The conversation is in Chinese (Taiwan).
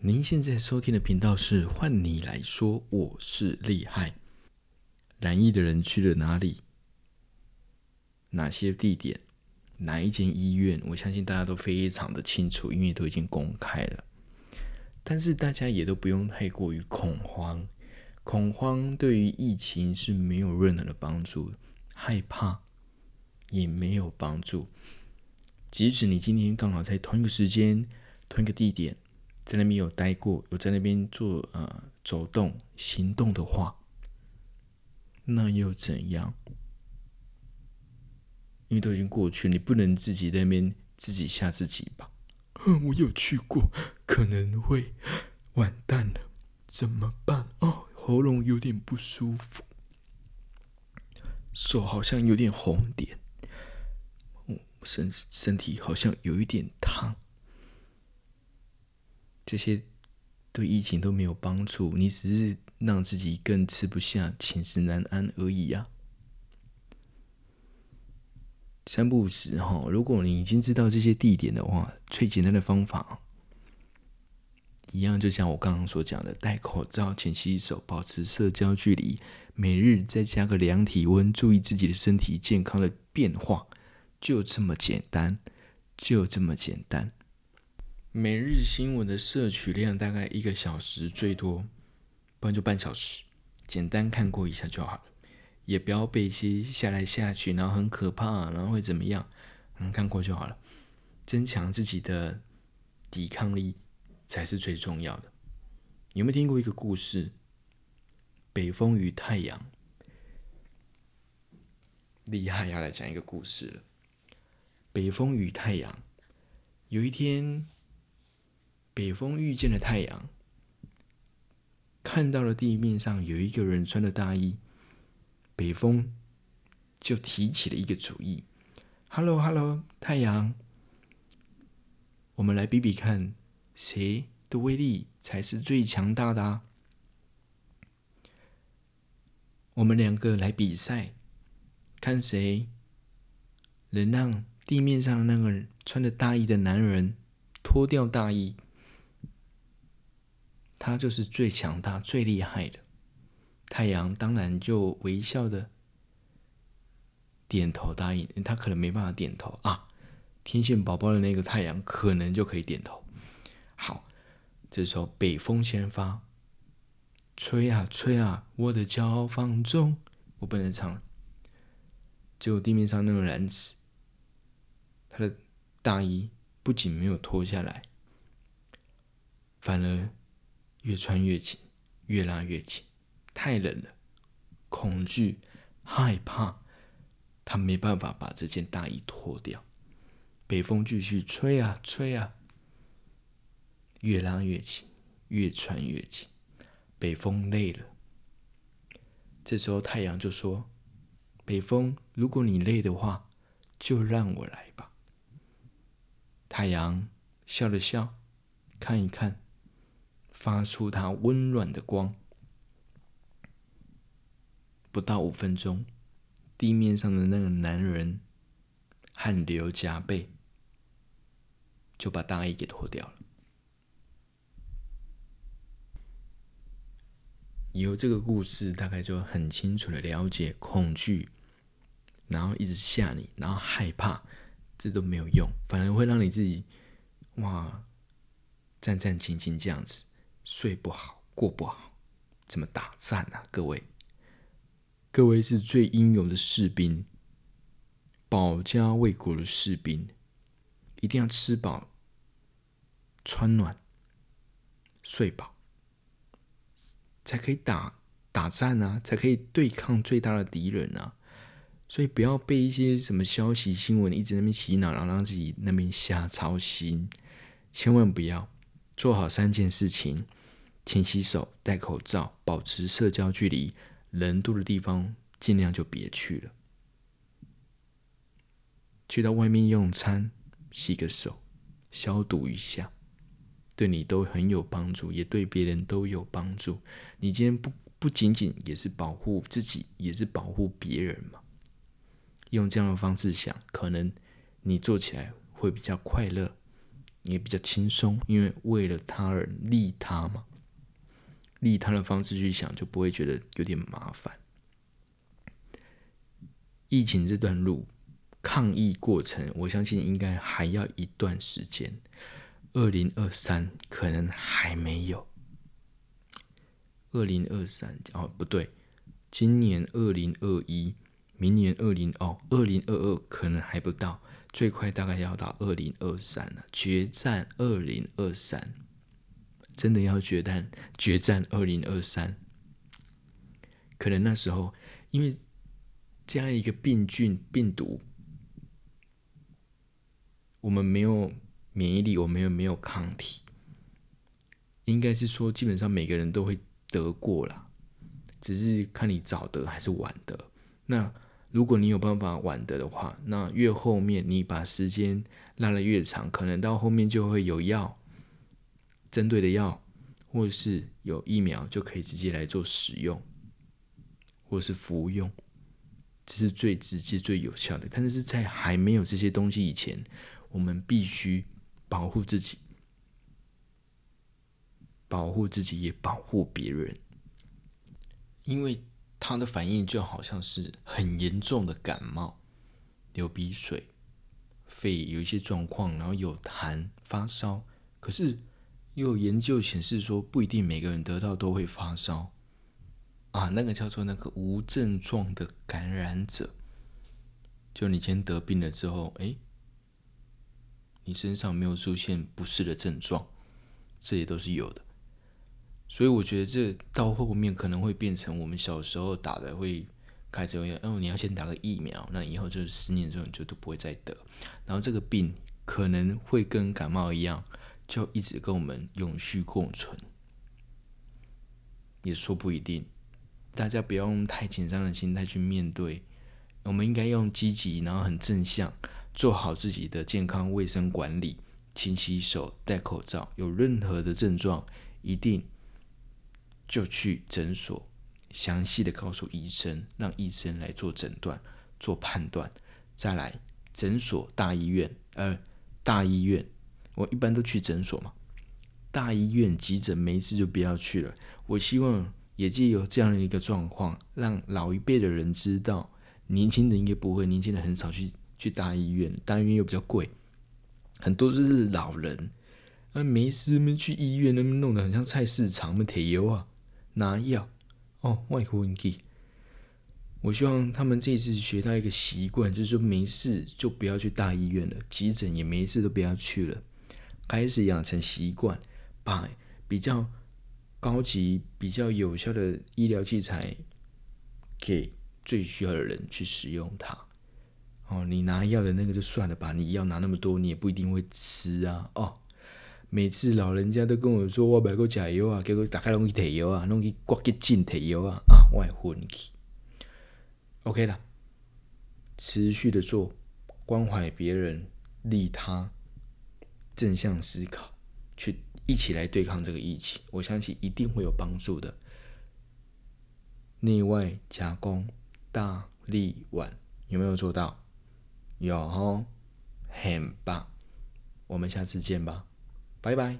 您現在收聽的頻道是《換你來說》，我是厲害。染疫的人去了哪裡？哪些地點？哪一間醫院？我相信大家都非常的清楚，因為都已經公開了。但是大家也都不用太過於恐慌，恐慌對於疫情是沒有任何的幫助，害怕也沒有幫助。即使你今天剛好在同一個時間、同一個地點，在那邊有待過，有在那邊做呃走動行動的話，那又怎樣？因為都已經過去，你不能自己在那邊自己嚇自己吧？嗯，我有去過，可能會完蛋了，怎麼辦？哦，喉嚨有點不舒服，手好像有點紅點，身身體好像有一點燙。這些對疫情都沒有幫助，你只是讓自己更吃不下、寢食難安而已啊！三不五時哈，如果你已經知道這些地點的話，最簡單的方法，一樣就像我剛剛所講的，戴口罩、勤洗手、保持社交距離，每日再加個量體溫，注意自己的身體健康的變化，就這麼簡單，就這麼簡單。每日新聞的攝取量大概一個小時最多，不然就半小時，簡單看過一下就好了，也不要被一些下來下去，然後很可怕，然後會怎麼樣？能、嗯、看過就好了。增強自己的抵抗力才是最重要的。有沒有聽過一個故事？北風與太陽，厲害要、啊、來講一個故事。北風與太陽，有一天。北風遇見了太陽，看到了地面上有一個人穿著大衣，北風就提起了一個主意：“Hello，Hello，hello, 太陽，我們來比比看，誰的威力才是最強大的，啊。我們兩個來比賽，看誰能讓地面上那個穿着大衣的男人脫掉大衣。”他就是最強大、最厲害的太陽，當然就微笑的點頭答應。他、欸、可能沒辦法點頭啊，天線寶寶的那個太陽可能就可以點頭。好，這時候北風先發，吹啊吹啊，我的驕傲放縱。我不能唱了，就地面上那個男子，他的大衣不僅沒有脫下來，反而。越穿越緊，越拉越緊，太冷了。恐懼、害怕，他沒辦法把這件大衣脫掉。北風繼續吹啊吹啊，越拉越緊，越穿越緊。北風累了，這時候太陽就說：“北風，如果你累的話，就讓我來吧。”太陽笑了笑，看一看。發出它溫暖的光，不到五分鐘，地面上的那個男人汗流浹背，就把大衣給脫掉了。以後這個故事，大概就很清楚的了解恐懼，然後一直嚇你，然後害怕，這都沒有用，反而會讓你自己哇戰戰兢兢這樣子。睡不好，過不好，怎麼打仗啊？各位，各位是最英勇的士兵，保家衛國的士兵，一定要吃飽、穿暖、睡飽，才可以打打仗啊，才可以對抗最大的敵人啊！所以不要被一些什麼消息、新聞一直在那邊洗腦，然後讓自己那邊瞎操心，千萬不要，做好三件事情。勤洗手、戴口罩、保持社交距離，人多的地方儘量就別去了。去到外面用餐，洗個手、消毒一下，對你都很有幫助，也對別人都有幫助。你今天不不僅僅也是保護自己，也是保護別人嘛。用這樣的方式想，可能你做起來會比較快樂，也比較輕鬆，因為為了他而利他嘛。利他的方式去想，就不會覺得有點麻煩。疫情這段路，抗疫過程，我相信應該還要一段時間。二零二三可能還沒有。二零二三哦，不對，今年二零二一，明年二零哦，二零二二可能還不到，最快大概要到二零二三了，決戰二零二三。真的要決戰決戰二零二三，可能那時候因為這樣一個病菌病毒，我們沒有免疫力，我們又沒有抗體，應該是說基本上每個人都會得過啦，只是看你早得還是晚得。那如果你有辦法晚得的話，那越後面你把時間拉得越長，可能到後面就會有藥。針對的藥，或者是有疫苗就可以直接來做使用，或者是服用，這是最直接、最有效的。但是，在還沒有這些東西以前，我們必須保護自己，保護自己也保護別人，因為他的反應就好像是很嚴重的感冒，流鼻水，肺有一些狀況，然後有痰、發燒，可是。有研究顯示說，不一定每個人得到都會發燒啊。那個叫做那個無症狀的感染者，就你先得病了之後，哎、欸，你身上沒有出現不適的症狀，這也都是有的。所以我覺得這到後面可能會變成我們小時候打的會，開始會，哦，你要先打個疫苗，那以後就是十年之後你就都不會再得。然後這個病可能會跟感冒一樣。就一直跟我們永續共存，也說不一定。大家不用太緊張的心態去面對，我們應該用積極，然後很正向，做好自己的健康衛生管理，勤洗手，戴口罩。有任何的症狀，一定就去診所，詳細的告訴醫生，讓醫生來做診斷、做判斷，再來診所、大醫院，呃，大醫院。我一般都去診所嘛，大醫院急診沒事就不要去了。我希望也藉由這樣的一個狀況，讓老一輩的人知道，年輕人應該不會，年輕人很少去去大醫院，大醫院又比較貴，很多都是老人，啊沒事那們去醫院，那邊弄得很像菜市場麼，腿油啊，拿藥哦，外科問題。我希望他們這次學到一個習慣，就是說沒事就不要去大醫院了，急診也沒事都不要去了。開始養成習慣，把比較高級、比較有效的醫療器材給最需要的人去使用它。哦，你拿藥的那個就算了吧，你要拿那麼多，你也不一定會吃啊。哦，每次老人家都跟我說，我買過假藥啊，結果大家攏去退藥啊，攏去掛急診退藥啊，啊，我也昏去。OK 啦，持續的做關懷別人，利他。正向思考，去一起來對抗這個疫情，我相信一定會有幫助的。內外夾攻，大力丸，有沒有做到？有哈、哦，很棒。我們下次見吧，拜拜。